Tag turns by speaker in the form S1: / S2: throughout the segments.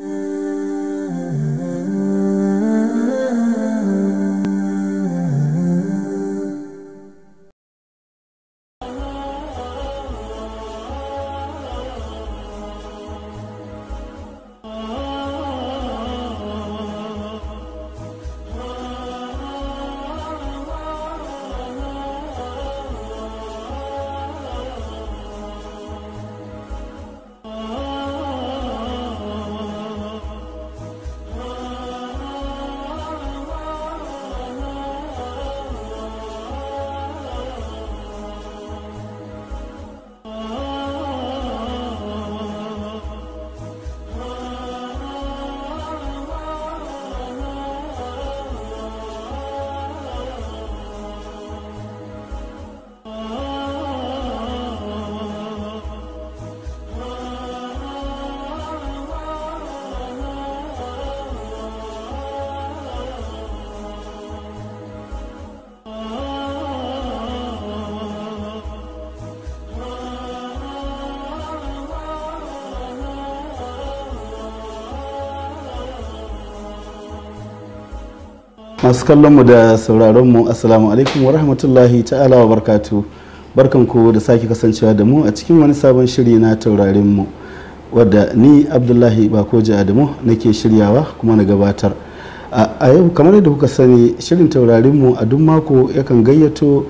S1: true. masu kallon da sauraron mu assalamu alaikum wa rahmatullahi ta'ala wa barkatu barkanku da sake kasancewa da mu a cikin wani sabon shiri na taurarin mu wadda ni abdullahi bakoji adamu nake shiryawa kuma na gabatar a yau kamar yadda kuka sani shirin taurarin mu a duk mako yakan gayyato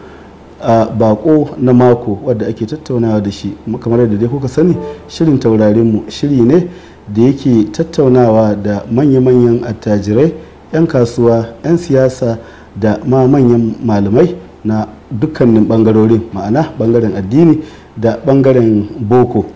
S1: a bako na mako wadda ake tattaunawa da shi kamar yadda dai kuka sani shirin taurarin mu shiri ne da yake tattaunawa da manya-manyan attajirai 'yan kasuwa 'yan siyasa da ma manyan malamai na dukkanin bangarorin ma'ana bangaren addini da bangaren boko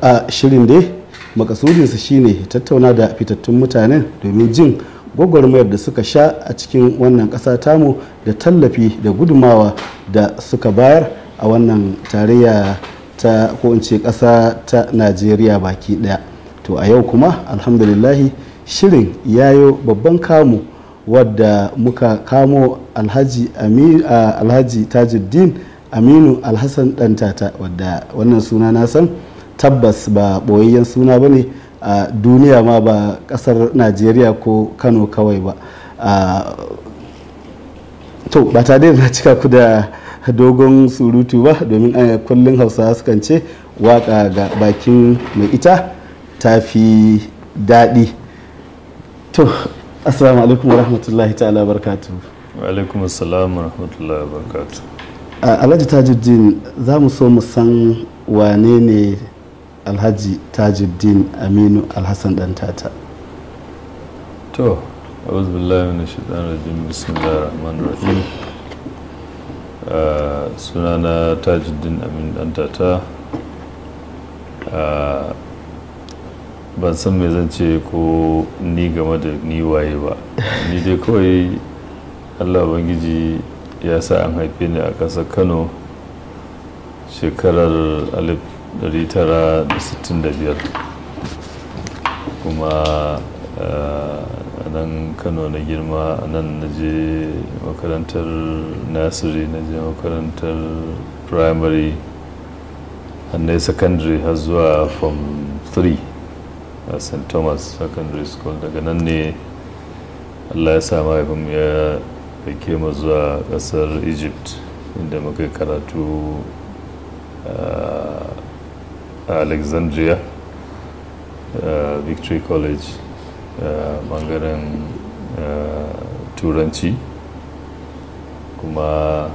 S1: a shirin dai makasudinsa shine tattauna da fitattun mutanen domin jin gwagwarmayar da suka sha a cikin wannan ƙasa tamu da tallafi da gudumawa da suka bayar a wannan tarayya ta ko in ƙasa ta najeriya baki ɗaya to a yau kuma alhamdulillahi shirin yayo babban kamu wadda muka kamo alhaji, alhaji tajuddin aminu alhassan dantata wadda wannan suna na san tabbas ba boyayyen suna ba ne a duniya ma ba kasar najeriya ko kano kawai ba to ba ta da na cika ku da dogon surutu ba domin a eh, kullum hausa sukan ce waka ga bakin mai ita ta fi daɗi
S2: to assalamu alaikum rahmatullahi ta'ala barakatu. wa alaikum assalam warahmatullahi barkatu
S1: alhaji tajuddin za mu so mu san wane ne alhaji tajuddin aminu alhassan dan tata
S2: to أعوذ بالله من الشيطان الرجيم بسم الله rahim. الرحيم sunana tajuddin Aminu dan tata ban san me zan ce ko ni game da ni waye ba ni dai kawai allah bangiji ya sa an haife ni a ƙasar kano shekarar 1965 kuma eh, a nan kano na girma a nan na je makarantar nasiri na je makarantar primary hannai secondary har zuwa form 3 a st thomas secondary school daga nan ne allah ya sa mahaifinmu ya aike ma zuwa kasar egypt inda muka karatu a alexandria victory college bangaren turanci kuma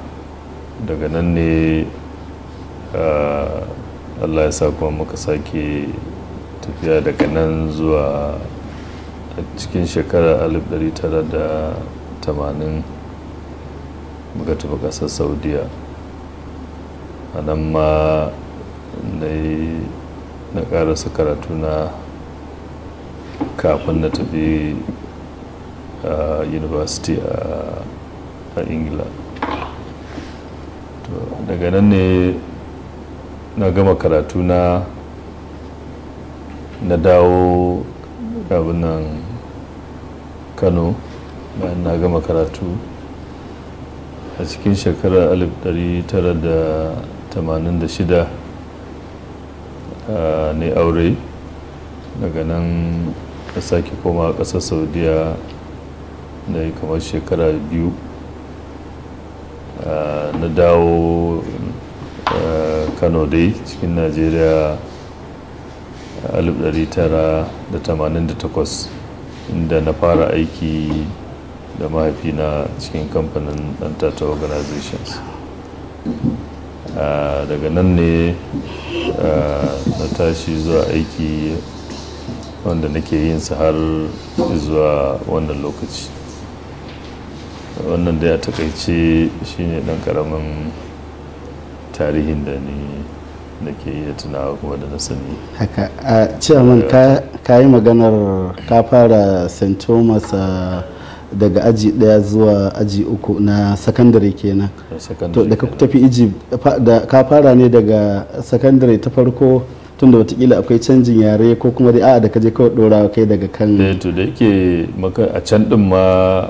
S2: daga nan ne allah ya sa kuma muka sake tafiya daga nan zuwa a cikin shekarar 1980 muka tafi ƙasar saudiya a nan ma na yi na ƙarasa karatu na kafin na tafi a university a ingila daga nan ne na gama karatu na na dawo nan kano bayan na gama karatu a cikin shekarar 1986 ah, ne aure daga nan na sake koma ƙasar saudiya na yi kamar shekara biyu ah, na dawo ah, kano dai cikin najeriya 1988 inda na fara aiki da mahaifina cikin kamfanin dantata organizations ah, daga nan ne ah, na tashi zuwa aiki wanda nake yin sa har zuwa wannan lokaci wannan da ya takaice shine ɗan ƙaramin tarihin da ni da ke iya tunawa kuma da na sani
S1: haka a cewa ka yi maganar ka fara st thomas daga aji daya zuwa aji uku na sakandare kenan to da ka tafi iji ka fara ne daga sakandare ta farko tunda watakila akwai canjin yare ko kuma dai a'a da ka
S2: je kawai dorawa kai daga kan eh, to da yake a can din ma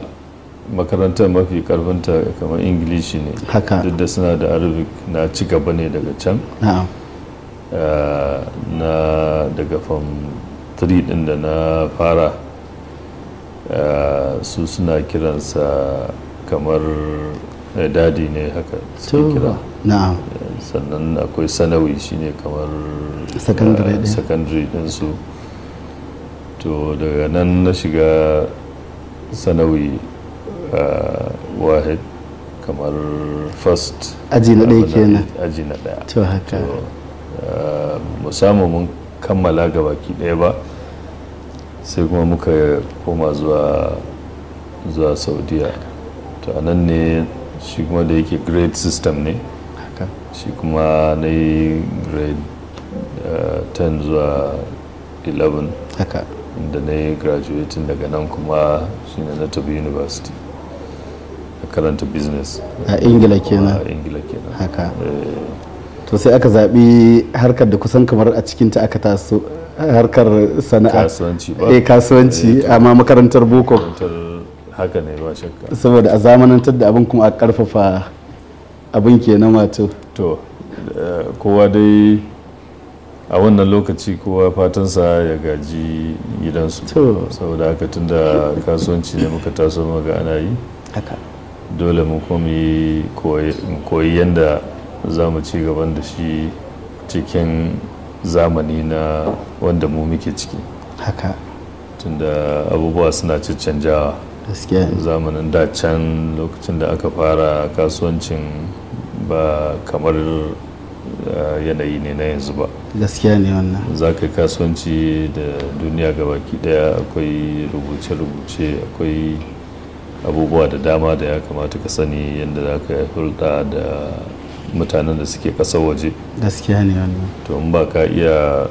S2: makarantar mafi karfinta kamar ingilishi ne haka duk da suna da arabic na ci gaba ne daga can Eh, na daga fam 3 din da na fara eh, su suna kiransa kamar eh, dadi ne haka suke kira sannan akwai sanawi shine kamar secondary din su to daga nan na shiga sanawi wahid kamar first aji na ɗaya kenan aji na ɗaya to haka musamman mun kammala ga baki daya ba sai kuma muka koma zuwa zuwa saudiya to a nan ne shi kuma da yake grade system ne shi kuma na yi grade 10 eh, zuwa 11 haka inda na yi graduating daga nan kuma shi ne na tafi university a karanta business a ingila kenan a ingila kenan haka eh.
S1: to sai aka zaɓi harkar da kusan kamar a cikinta aka taso harkar sana'a kasuwanci eh, eh, amma makarantar boko
S2: haka ne ba shakka saboda
S1: a zamanantar da abin kuma a karfafa abin kenan wato
S2: to eh, kowa dai a wannan lokaci kowa fatansa ya gaji gidansu saboda haka da kasuwanci ne muka taso maga ana yi dole mu yi koyi yadda za mu ci gaban da shi cikin zamani na wanda mu muke ciki haka tunda abubuwa suna canjawa zamanin da can lokacin da aka fara kasuwancin ba kamar eh, yanayi ne na yanzu ba gaskiya ne wannan za ka kasuwanci da duniya gabaki daya akwai rubuce-rubuce akwai abubuwa da dama da ya kamata ka sani yadda za ka hulɗa da mutanen da suke kasar waje
S1: gaskiya ne wannan
S2: to in ba ka iya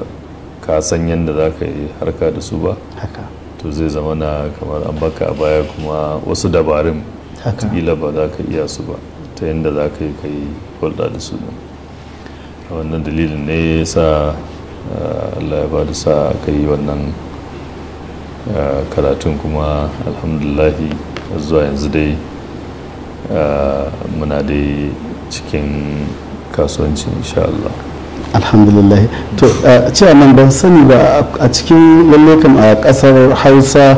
S2: ka san yadda za ka yi harka da su ba haka to zai zama na kamar an baka a baya kuma wasu dabarun kila ba za ka iya su ba ta yadda za ka yi ka yi hulɗa da su a wannan dalilin ne ya sa allah ya ba da sa ka yi wannan karatun kuma alhamdulahi zuwa yanzu dai muna dai cikin kasuwanci insha Allah alhamdulillah to ce nan ban sani ba a cikin
S3: lalle a kasar hausa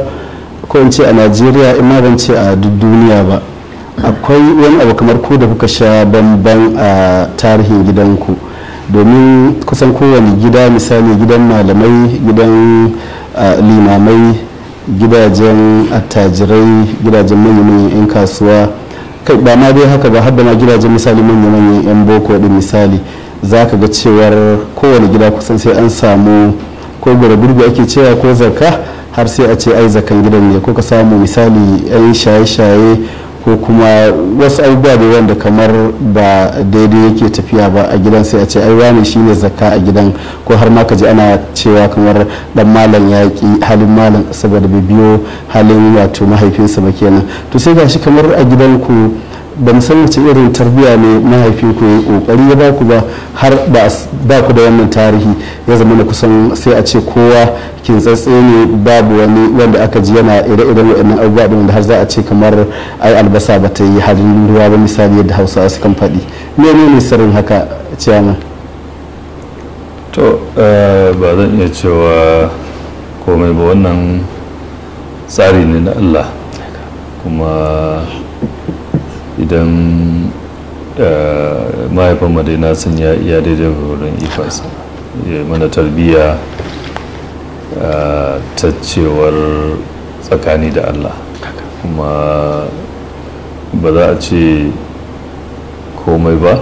S3: ko in ce a najeriya in ma ban ce a duk duniya ba akwai wani abu kamar ku da kuka sha bamban a tarihin gidanku domin kusan kowane gida misali gidan malamai gidan limamai gidajen attajirai gidajen manyan 'yan kasuwa kai ba ma dai haka ba har gidajen misali manya manyan yan boko din misali za ka ga cewar kowane gida kusan sai an samu ko gura gurbi ake cewa ko zakka har sai a ce ai zakan gidan ne ko ka samu misali yan shaye-shaye ko kuma wasu abubuwa da wanda kamar ba daidai yake tafiya ba a gidan sai a ce ai wani shine zakka a gidan ko har ma ka ji ana cewa kamar dan malam yaƙi halin malam saboda bai biyo halin wato mahaifinsa ba kenan to sai gashi kamar a gidan ku ba san wace irin tarbiya ne mahaifi ku ya kokari ya baku ba har ba ku da wannan tarihi ya zama na kusan sai a ce kowa kintsatse ne babu wani wanda aka ji yana ire-iren wa'annan abubuwa din da har za a ce kamar ai albasa ba ta yi halin ruwa ba misali yadda hausa su kan faɗi ne ne sirrin haka ciyama
S2: to eh, ba zan iya cewa komai ba wannan tsari ne na allah kuma idan eh, mahaifin madina sun ya iya daidai wurin ifas ya mana tarbiyya eh, ta cewar tsakani da allah kuma ba za a ce komai ba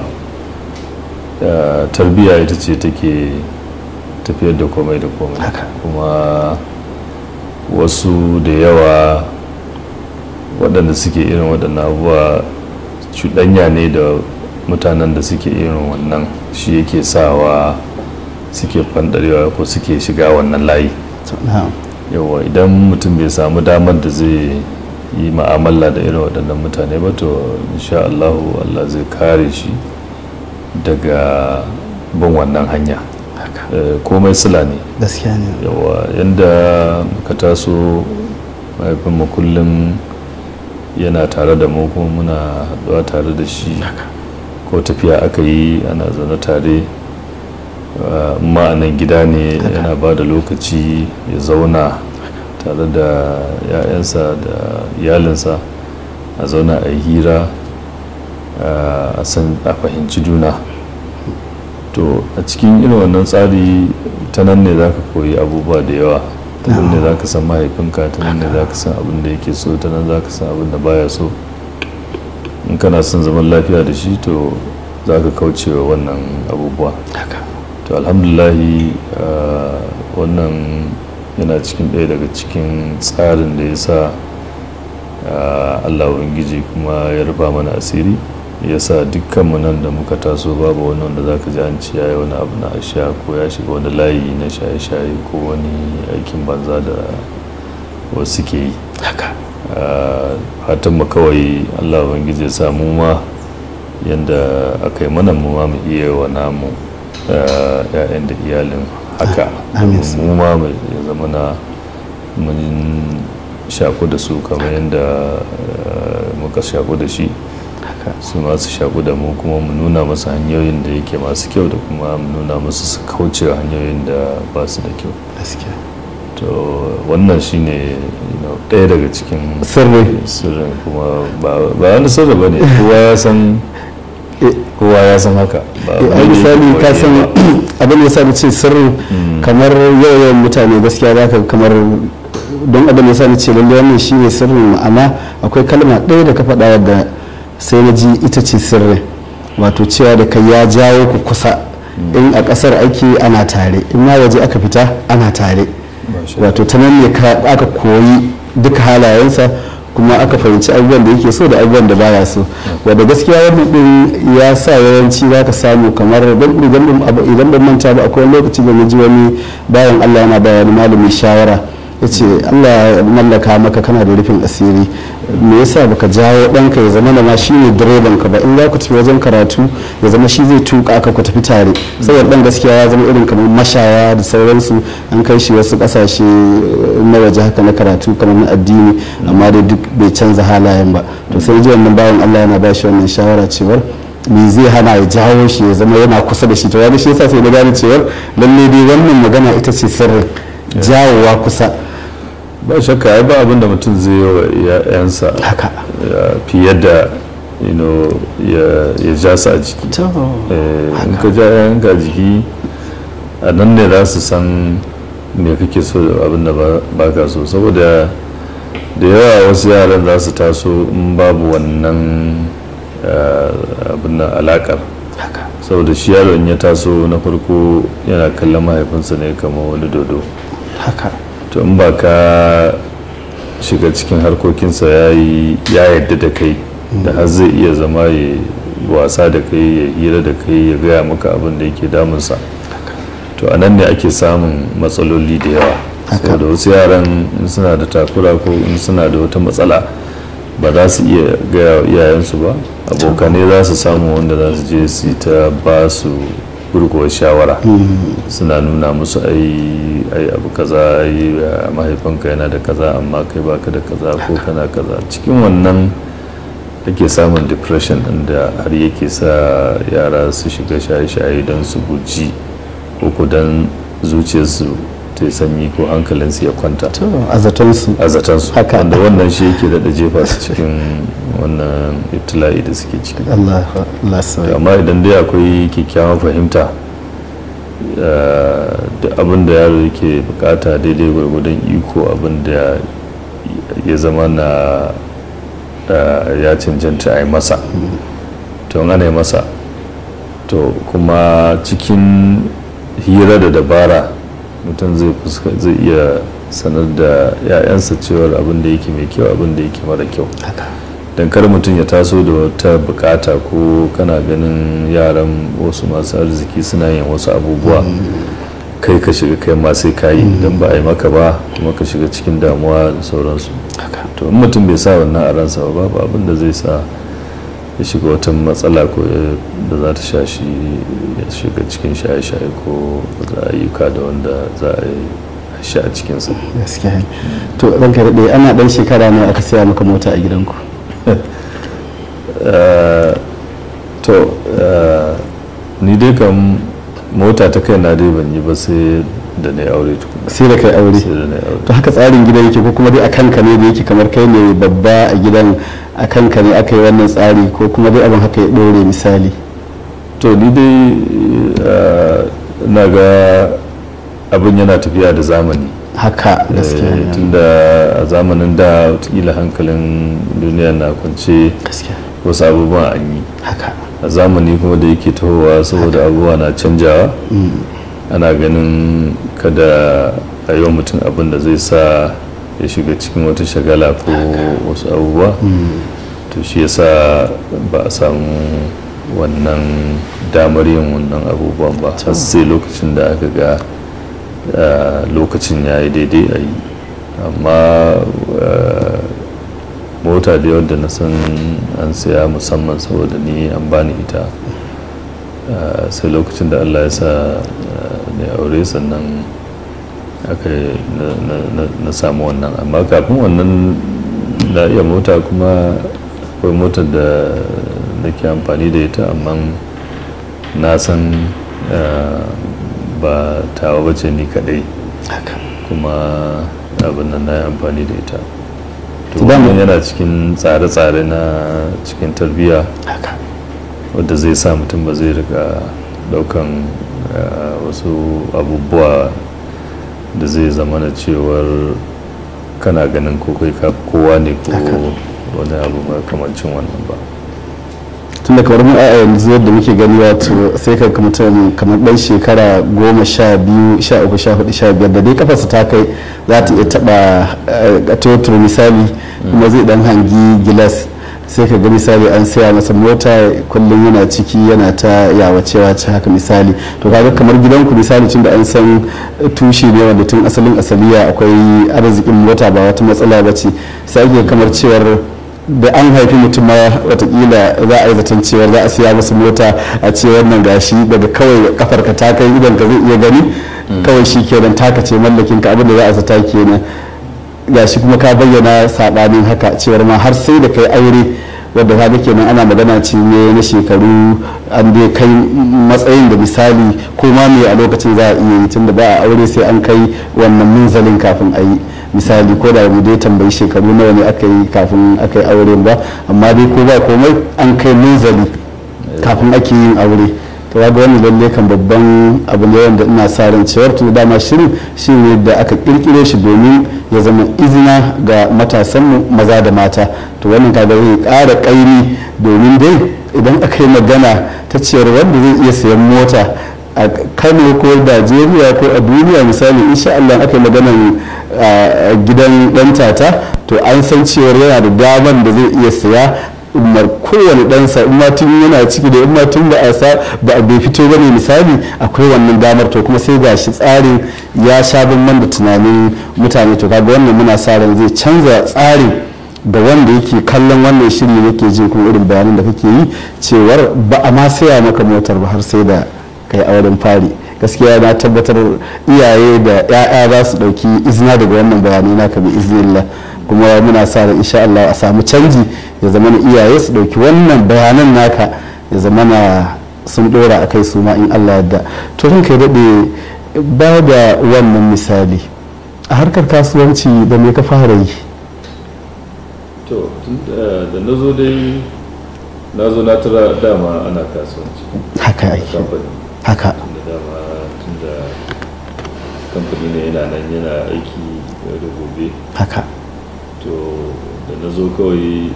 S2: eh, tarbiyya ita ce take tafiyar da komai da komai kuma wasu da yawa waɗanda suke irin waɗannan abuwa cuɗanya ne da mutanen da suke irin wannan shi yake sawa suke fandarewa ko suke shiga wannan layi yawa idan mutum bai samu damar da zai yi ma'amala da irin waɗannan mutane ba to insha Allahu Allah zai kare shi daga bin wannan hanya eh, komai sila ne yawa yadda ka taso mahaifinmu kullum yana tare da mu kuma muna haɗuwa tare da shi ko tafiya aka yi ana zaune tare ma nan gida ne yana ba da lokaci ya zauna tare da 'ya'yansa da iyalinsa a zauna a hira a san a fahimci juna to a cikin irin wannan tsari ta nan ne za ka koyi abubuwa da yawa ta nan ne za ka san mahaifinka ta nan ne za ka san abin da yake so ta nan za ka san abin da baya so in kana son zaman lafiya da shi to za ka kauce wannan abubuwa to alhamdulahi ah, wannan yana cikin ɗaya daga cikin tsarin da ya sa ah, allah ubangiji kuma ya rufa mana asiri ya yasa dukkanmu nan da muka taso babu wani wanda za ka ji an ci yayi wani abu na asha ko ya shiga wani layi na shaye-shaye ko wani aikin banza da wasu ke yi haka hatan mu kawai Allah ubangiji ya samu ma yadda aka yi mana mu ma mu iya yi wa namu ya'yan da iyalin haka mu ma ya zama na mun shaku da su kamar yadda muka shaku da shi su masu shaku da mu kuma mu nuna masu hanyoyin da yake masu kyau da kuma mu nuna masu su kauce hanyoyin da ba su da kyau gaskiya to wannan shine ɗaya daga cikin sirrin kuma ba wani sirri ba ne kowa ya san eh, kowa ya san haka a eh, misali ka san
S3: abin da yasa ce sirrin hmm. kamar yawan mutane gaskiya za ka kamar don abin da yasa ce lallai wannan shine sirrin amma akwai kalma ɗaya da ka faɗa da sai na ji ita ce sirri wato cewa da kai ya jawo ku kusa in a kasar ake ana tare in ma waje aka fita ana tare wato ta nan ne aka koyi duka halayensa kuma aka fahimci abubuwan da yake so da abubuwan da baya so wadda gaskiya wannan din ya sa yawanci za ka samu kamar idan ban manta ba akwai lokaci da ji wani bayan allah yana bayani malami shawara yace allah ya mallaka maka kana da rufin asiri me yasa baka jawo ɗanka ya zama da ma shi ne direban ka ba in za ku tafi wajen karatu ya zama shi zai tuka ka ku tafi tare saboda ɗan gaskiya ya zama irin kamar mashaya da sauransu an kai shi wasu ƙasashe eh, na waje haka na karatu kamar na addini amma dai duk bai canza halayen ba to sai ji wannan bayan allah yana ba shi wannan shawara cewar me zai hana ya jawo shi ya zama yana kusa da shi to ya shi yasa sai da gane cewar lalle dai wannan magana ita ce sirrin jawowa kusa
S2: ba shakka ya ba abinda mutum zai yi wa yansa fiye da ya ja su a jiki eh, in ka ja yanka a jiki a nan ne za su san me kake so da abin da ba ka so saboda da yawa wasu yaran za su taso in babu wannan eh, abin da alakar saboda shi yaron ya taso na farko yana kallon mahaifinsa ne kamar wani dodo haka to in ba ka shiga cikin harkokinsa ya yarda da kai da har zai iya zama ya wasa da kai ya hira da kai ya gaya maka abin da yake damunsa to a nan ne ake samun matsaloli da yawa saboda wasu yaran in suna da takura ko in suna da wata matsala ba za su iya gaya iyayensu ba abokanai za su samu wanda za su je su ta ba su gurguwar shawara hmm. suna nuna musu ai abu kaza ai mahaifinka yana da kaza amma kai baka da kaza ko kana kaza cikin wannan ake samun depression inda har yake sa yara su shiga shaye-shaye don su guji ko kudan zuciyarsu ta yi sanyi ko hankalinsu ya kwanta a zatansu wanda wannan shi yake da jefa su cikin wannan ibtila'i da suke ciki amma idan dai akwai kyakkyawan fahimta eh, da abin da yaro yake bukata daidai gwargwadon iko abin da ya zama na ya cancanta a yi masa to ana yi masa to kuma cikin hira da dabara mutum zai iya sanar da 'ya'yansa cewar abin da yake mai kyau abin da yake mara kyau don kar mutum ya taso da wata bukata ko kana ganin yaran wasu masu arziki suna yin wasu abubuwa mm. kai ka shiga kai ma sai ka yi idan ba a yi maka ba kuma ka shiga cikin damuwa da sauransu to mutum bai sa wannan a ransa ba babu abin da zai sa ya shiga wata matsala ko eh, da za ta shashi ya shiga cikin shaye-shaye ko za ayyuka da wanda za a yi shi a cikinsa gaskiya to
S3: ranka ɗaya ana ɗan shekara ne
S2: aka saya maka mota a gidanku eh, to eh, ni dai kam mota ta kai na dai ban yi ba sai da ne aure sai da kai aure
S3: to haka tsarin gidan yake ko kuma dai akan ka ne da yake kamar kai ne babba a gidan akan ka ne aka yi wannan tsari ko kuma dai abin haka ya dore misali to ni dai
S2: eh, na ga abin yana tafiya da zamani
S1: haka eh, gaskiya
S2: tunda a zamanin da watakila hankalin duniya na kwance wasu abubuwan an yi haka a zamani kuma da yake tahowa saboda abubuwa na canjawa mm. ana ganin kada a yi wa mutum abin da zai sa ya shiga cikin wata shagala ko wasu abubuwa to shi ya sa ba a samu wannan damar yin wannan abubuwan ba har sai lokacin da aka ga lokacin ya yi daidai a yi amma mota da da na san an siya musamman saboda ni an bani ita sai lokacin da allah ya sa da aure sannan aka na samu wannan amma kafin wannan na iya mota kuma akwai motar da nake amfani da ita amma na san eh, ba tawa bace ni kadai kuma abin nan na yi amfani da ita to yana cikin tsare-tsare na cikin tarbiyya wadda zai sa mutum ba zai rika daukan eh, wasu abubuwa da zai zama na cewar kana ganin ko kai ka kowa ne ko wani abu kamancin wannan ba tun da kamar a yanzu yadda muke gani wato sai ka mutum
S3: kamar dan shekara goma sha biyu sha uku sha hudu sha biyar da dai kafarsa ta kai za ta iya taba eh, a misali kuma zai dan hangi gilas sai ka ga misali an saya masa mota kullum yana ciki yana ta yawacewa ci haka misali to kaga kamar gidanku misali tun da an san tushe ne wanda tun asalin asaliya akwai arzikin mota ba wata matsala ba ce sai ake kamar cewar da an haifi mutum ma watakila za a yi zaton cewar za a siya masa mota a ce wannan gashi daga kawai kafar ka ta kai idan ka zai iya gani mm. kawai shi kenan taka ce mallakin ka abin da za a zata kenan yashi kuma ka bayyana sabanin haka cewar ma har sai da kai aure wadda ka nan ana magana ce ne na shekaru an dai kai matsayin da misali ko ma me a lokacin za a iya yi tun da ba a aure sai an kai wannan munzalin kafin a yi misali ko da dai tambayi shekaru nawa ne aka yi kafin aka yi aure ba amma dai ko ba komai an kai munzali kafin ake yin aure to ga wani lalle kan babban abu ne wanda ina sa ran cewar tun dama shirin shi ne da aka kirkire shi domin ya zama izina ga matasan maza da mata to wannan kaga zai ƙara kaini domin dai idan aka yi magana ta cewar wanda zai iya sayan mota a kano ko da najeriya ko a duniya misali insha allah aka yi maganar ah, gidan dan tata to an san cewar yana da daman da zai iya saya umar kowane sa in matin yana ciki da in matin da asa ba a bai fito bane misali akwai wannan damar to kuma sai gashi tsarin ya sha man da tunanin mutane to kaga wannan muna sa ran zai canza tsarin da wanda yake kallon wannan shiri yake jin kuma irin bayanan da kake yi cewar ba a ma saya maka motar ba har sai da kai auren fari gaskiya na tabbatar iyaye da 'ya'ya za su ɗauki izina daga wannan bayanai naka bi iznillah kuma muna sa ran insha Allah a samu canji ya zama na iyaye su ɗauki wannan bayanan naka ya zama na sun ɗora a kai su ma in allah yadda to ran kai daɗe ba da wannan misali a harkar kasuwanci da me ka fara yi
S2: to eh, da na zo dai na zo na tura dama ana kasuwanci haka ake haka dama tun da kamfani ne yana nan yana aiki da gobe haka to da na zo kawai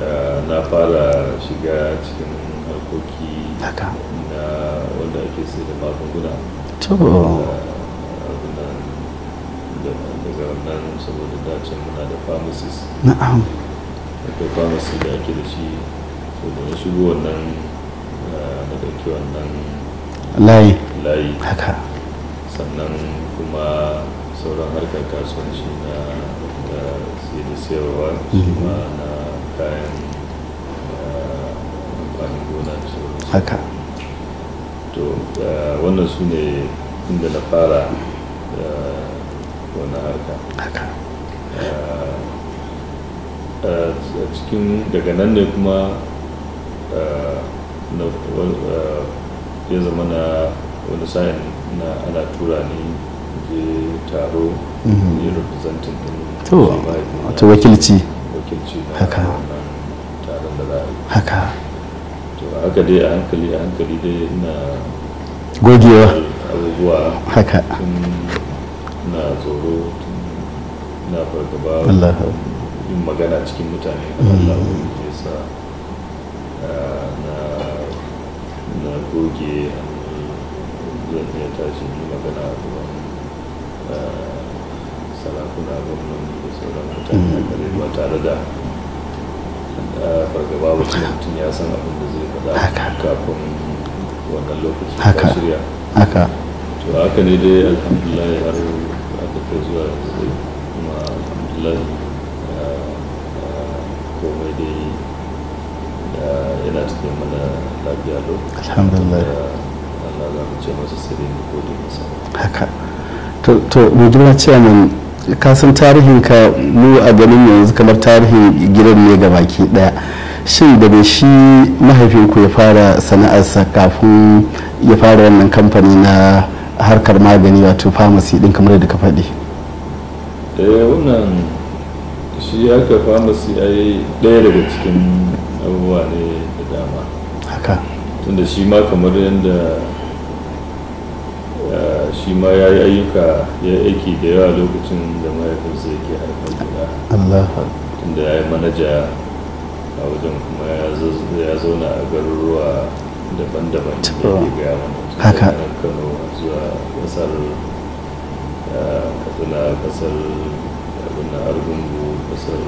S2: Eh, na fara shiga cikin harkoki na wanda ake sai da magunguna eh, daga nan saboda dacin muna da pharmacies na'am akwai pharmacy da shi so da shigo wannan eh, na wannan layi sannan kuma sauran harkar kasuwanci na da sayarwa shi ma mhm. na kayan ah, amfanin gona da sauransu haka to ah, wannan su ne inda na fara ah, wani harka a cikin daga nan ne kuma ya zama na wani sayan na ana tura ni je taro mhm. ne representing din to wakilci wakilci haka haka to haka dai a hankali a hankali dai ina gogewa abubuwa haka ina tsoro ina fargaba yin magana cikin mutane mm. Allah ya sa ah, na goge zan iya tashi yi magana a ah, salakuna gwamnati da sauran mutane mm. ba tare da fargaba ba kuma mutum ya san abin da zai faɗa kafin wannan lokaci haka shirya haka to haka ne dai alhamdulillah har aka kai zuwa yanzu kuma alhamdulillah komai dai yana cikin mana lafiya lo alhamdulillah Allah za mu ce masa sirri ko dai masa
S3: haka to to mu jira cewa kasan tarihin ka mu a ganin yanzu kamar tarihin gidan ne ga baki daya shin daga shi mahaifinku ya fara sana'arsa kafin ya fara wannan kamfani na harkar magani wato pharmacy din kamar da ka faɗi
S2: eh wannan shi haka pharmacy ai ɗaya daga cikin abubuwa ne da dama haka tunda shi ma kamar yadda shi ma ya yi ayyuka ya aiki da yawa lokacin da mahaifinsa yake harkar gida Allah tunda ya yi manaja a wajen kuma ya zauna a garuruwa daban-daban da yi gaya mana haka kano zuwa kasar katsina kasar abin argungu kasar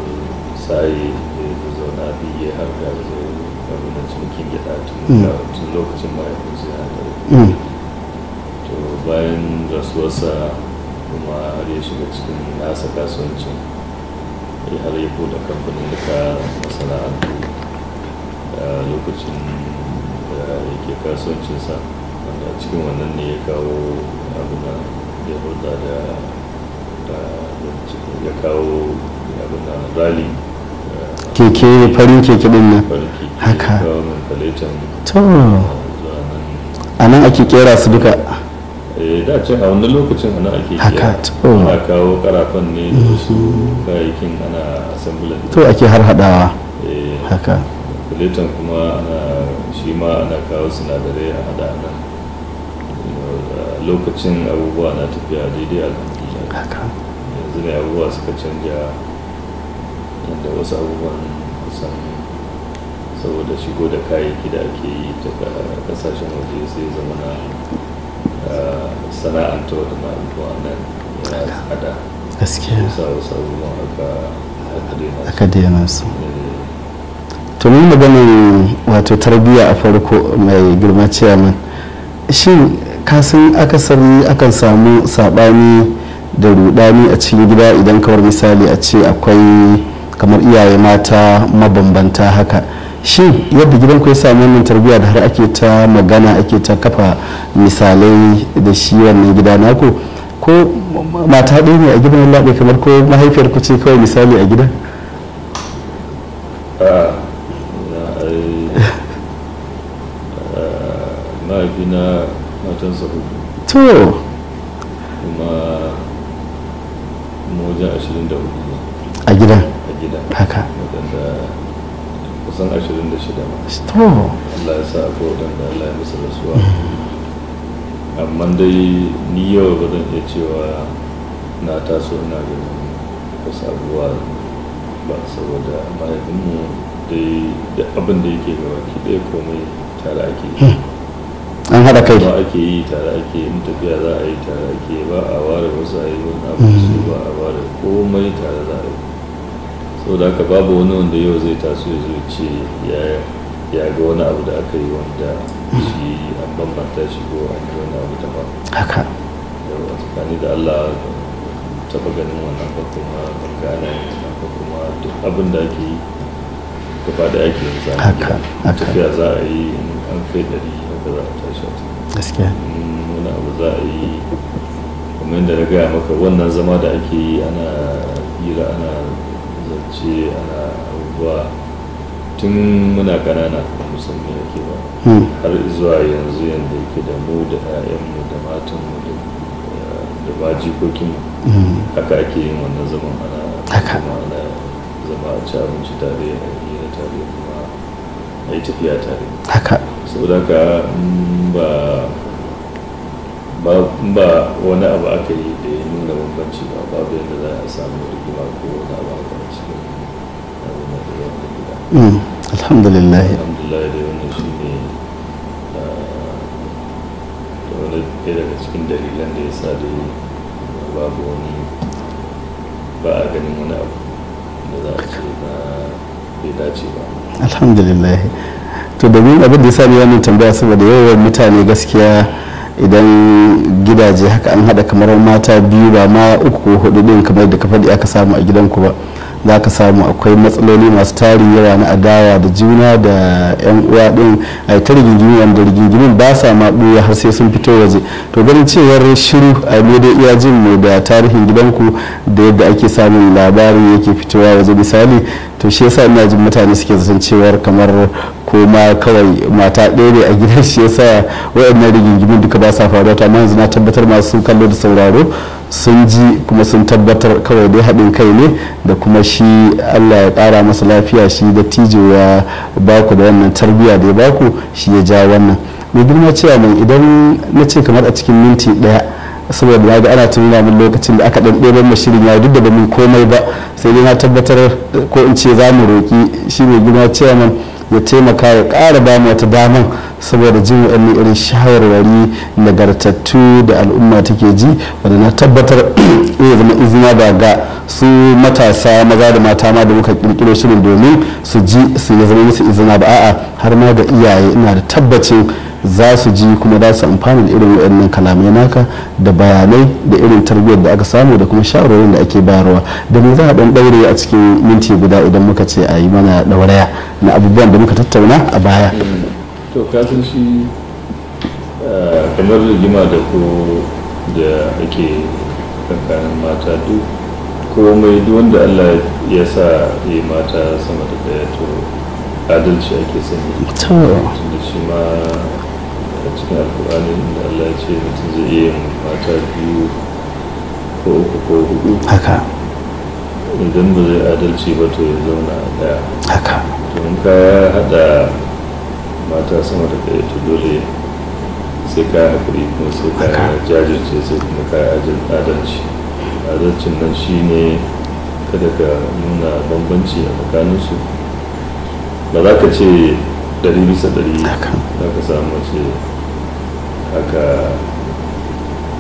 S2: sayi da ya zauna biye har ga zai abin cikin gida mm. tun lokacin mahaifinsa ya harkar bayan rasuwarsa kuma har ya shiga cikin nasa kasuwancin ya har yi da kamfanin da ka masana'antu a lokacin da yake kasuwancinsa wanda cikin wannan ne ya kawo abin ya hulɗa da ya kawo abin rali eh, keke farin keke din nan haka to eh, a nan ake kera su duka Eh, da ce a wani lokacin ana ake haka ana kawo karafan ne da mhm. su kayayyakin ana assembly to ake har hadawa eh, haka kuletan kuma ana shi ma ana kawo sinadarai a hada nan eh, lokacin abubuwa na tafiya daidai alhamdulillah haka yanzu ne abubuwa suka canja yadda wasu abubuwan kusan saboda shigo da kayayyaki da ake yi daga kasashen waje sai zama na da waɗanda abubuwa nan ya hada gaskiya ga
S3: akadiyanarsu eh. to mun maganin wato tarbiyya a farko mai girma ciyaman shin kasan akasari akan samu saɓani da rudani a cikin gida idan kawar misali a ce akwai kamar iyaye mata mabambanta haka shin yadda gidanku ya sami wannan tarbiyya da har ake ta magana ake ta kafa misalai da shi wannan gida naku ko mata ɗaya ne a gidan laɓe kamar ko mahaifiyar ku ce kawai misali a gida
S2: ah, eh, ah, mahaifina matansa hudu to kuma wajen ashirin da hudu a gida a gida haka kusan 26 ma to Allah ya sa ko dan da Allah ya musu rasuwa amma dai ni yau ba zan iya cewa na taso ina ganin wasu abubuwa ba saboda mahaifinmu dai da abin da yake gaba ki ɗaya komai tare ake hmm. an haɗa kai ba ake yi tare ake in tafiya za a yi tare ake ba a ware wasu a yi wani abu su ba a ware komai tare za a yi saboda haka babu wani wanda yau zai taso ya zo ce ya ga wani abu da aka yi wanda shi an bambanta shi ko an yi wani abu da ba haka a tsakani da allah taba ganin wannan ba kuma bangana ba kuma duk abin da ake yi gaba da ake yin zama haka tafiya za a yi an kai dari haka za a tashi gaskiya wani abu za a yi kuma yadda na gaya maka wannan zama da ake yi ana hira ana zance ana abubuwa tun muna ƙanana musamman ya ke ba hmm. har zuwa yanzu yadda yake da mu da mu da matanmu da ba jikokinmu hmm. haka ake yin wannan zaman ana ana zama a ci tare a yi da tare kuma a yi tafiya tare haka saboda ka mm, ba ba wani abu aka yi da ya nuna bambanci ba babu yadda za a samu rigima ko wani abu aka yi cikin da
S1: mm, alhamdulillah
S2: alhamdulillah da wannan shi ne da ah, wani ɗaya daga cikin dalilan da ya sa da babu wani ba a ganin wani abu da za a ce na bai dace ba
S3: alhamdulillah to domin abin da ya sa ne wannan tambaya saboda yawan mutane gaskiya idan gidaje haka an hada kamar mata biyu ba ma uku ko hudu din kamar da ka faɗi aka samu a gidanku ba za ka samu akwai matsaloli masu tarin yawa na adawa da juna da yan uwa din a ta rigingimi wanda rigingimin ba sa ma har sai sun fito waje to ganin cewar shiru a da iya jin mu da tarihin gidanku da yadda ake samun labarin yake fitowa waje misali to shi yasa ina jin mutane suke zaton cewar kamar ko ma kawai mata ɗaya ne a gidan shi yasa wa'annan rigingimin duka ba sa faruwa to amma yanzu na tabbatar masu kallo da sauraro sun ji kuma sun tabbatar kawai dai haɗin kai ne da kuma shi allah ya ƙara masa lafiya shi da tijo ya baku da wannan tarbiyya da ya baku shi ya ja wannan mai girma cewa mai idan na ce kamar a cikin minti ɗaya saboda na ga ana tunana min lokacin da aka dan ɗeban mu shirin ya duk da ba mun komai ba sai dai na tabbatar ko in ce za mu roƙi shi mai girma ciyaman ya taimaka ya kara ba mu wata dama saboda jin wani irin shawarwari nagartattu da al'umma take ji wanda na tabbatar ya zama izina ba ga su matasa maza da mata ma da muka kirkiro shirin domin su ji su ya zama musu izina ba a'a har ma ga iyaye ina da tabbacin za su ji kuma za su amfana da irin waɗannan kalamai naka da bayanai da irin tarbiyyar da aka samu da kuma shawarwarin da ake bayarwa da me za a ɗan ɗaure a cikin minti guda idan muka ce a yi mana ɗauraya na abubuwan da muka tattauna a baya.
S2: to kasan shi eh, kamar rigima da ko da ake kankanin mata duk komai duk wanda allah ya sa ya mata sama da daya to adalci ake sani da shi ma a cikin alkur'ani da Allah ya ce mutum zai iya yin mata biyu ko uku ko hudu haka idan ba zai adalci ba to ya zauna a daya haka to in ka hada mata sama da ɗaya to dole sai ka haƙuri kuma sai ka jajirce sai kuma ka adalci adalcin nan shine kada ka nuna bambanci a tsakaninsu ba za ka ce ɗari bisa ɗari za ka samu ce haka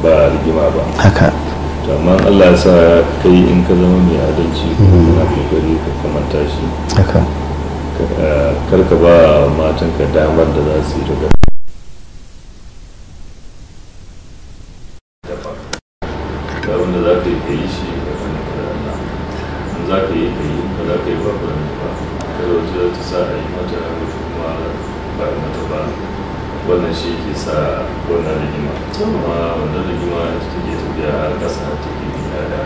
S2: ba rigima ba haka amma allah sa kai in ka zama mai adalci na kokari mhm. ka kamanta shi eh, karka ba matanka damar da za su yi daga ka yi shi ka ka ba sa yi mata kuma ba wannan shi ke sa wannan rigima amma wannan rigima ita take tafiya har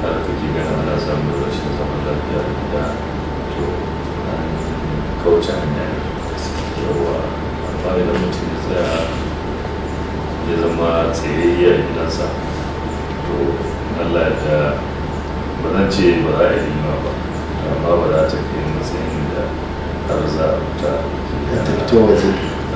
S2: ta ke biya da har kake gana ana samun rashin zaman lafiya da gida to an kauce hanya ne yawa amma idan mutum ya tsaya ya zama tsayayya gidansa to Allah ya ta ba zan ce ba za a yi rigima ba amma ba za ta kai matsayin da har za a fita ta waje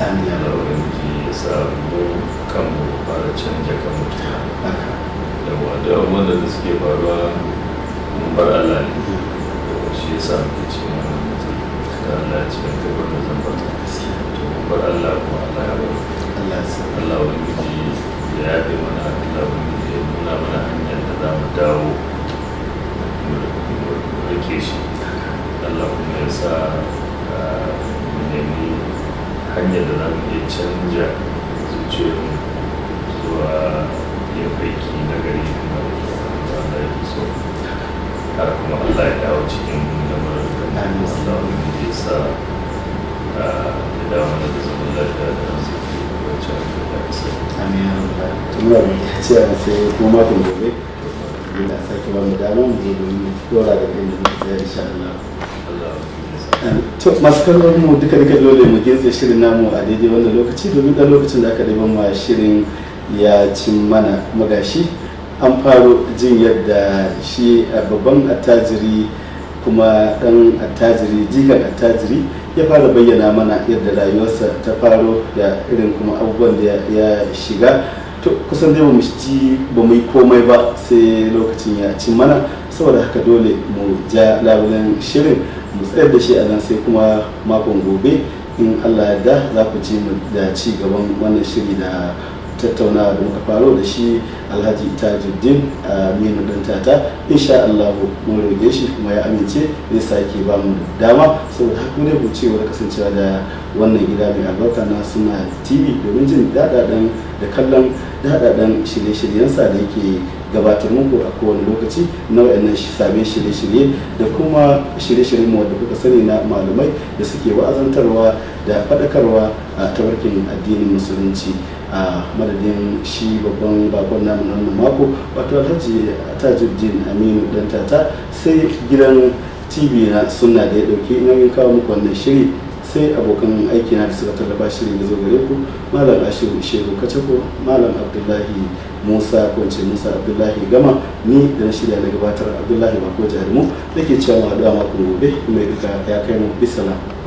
S2: amin da wani ya samu kanmu fara canja kanmu da wanda wanda da suke faruwa mun bar Allah ne shi ya sa muke cikin wannan da Allah cikin kai da zan fata to mun bar Allah kuma Allah ya bar Allah wani ya yafe mana Allah wani ya nuna mana hanyar da za mu dawo mu rike shi Allah kuma ya sa ah, mu nemi hanyar da canja zuciyoyin zuwa yin na gari kuma da ke ya so kuma Allah ya dawo cikin lamarin da Allah wani sa ah, da da lafiya da ke da Amin mai ce a sai gobe
S1: yana sake wani damar Amin. zo domin dora da kan da Allah. to masu kallon mu duka duka dole mu gintse shirin namu a daidai wannan lokaci domin dan lokacin da aka daiba ma shirin ya cin mana kuma an faro jin yadda shi babban attajiri kuma dan attajiri jikar attajiri ya fara bayyana mana yadda rayuwarsa ta faro da irin kuma abubuwan da ya shiga to kusan dai mu ci ba mu yi komai ba sai lokacin ya cin mana saboda haka dole mu ja labulen shirin mu tsayar da shi a nan sai kuma makon gobe in allah ya za ku ci mu da ci gaban wannan shiri da tattauna da muka faro da shi alhaji tajuddin a minu dan tata insha Allah mun roge shi kuma ya amince zai sake ba mu dama saboda haka ne bucewar kasancewa da wannan gida mai albarka na suna tv domin jin dadadan da kallon dadadan shirye-shiryensa da yake gabatar muku a kowane lokaci na wayannan sabin shirye-shirye da kuma shirye-shiryen mu da kuka sani na malamai da suke wa'azantarwa da faɗakarwa a tabarkin addinin musulunci a madadin shi babban bakon namu na wannan mako wato alhaji tajuddin aminu dan tata sai gidan tv na suna da ya dauki nauyin kawo muku wannan shiri sai abokan aiki na da suka tallaba shirin da zo gare ku malam ashiru shehu kacako malam abdullahi musa kwance musa abdullahi gama ni da na shirya na gabatar abdullahi mako jarumu da ke cewa haɗuwa makon gobe mai duka ya kai mu bisala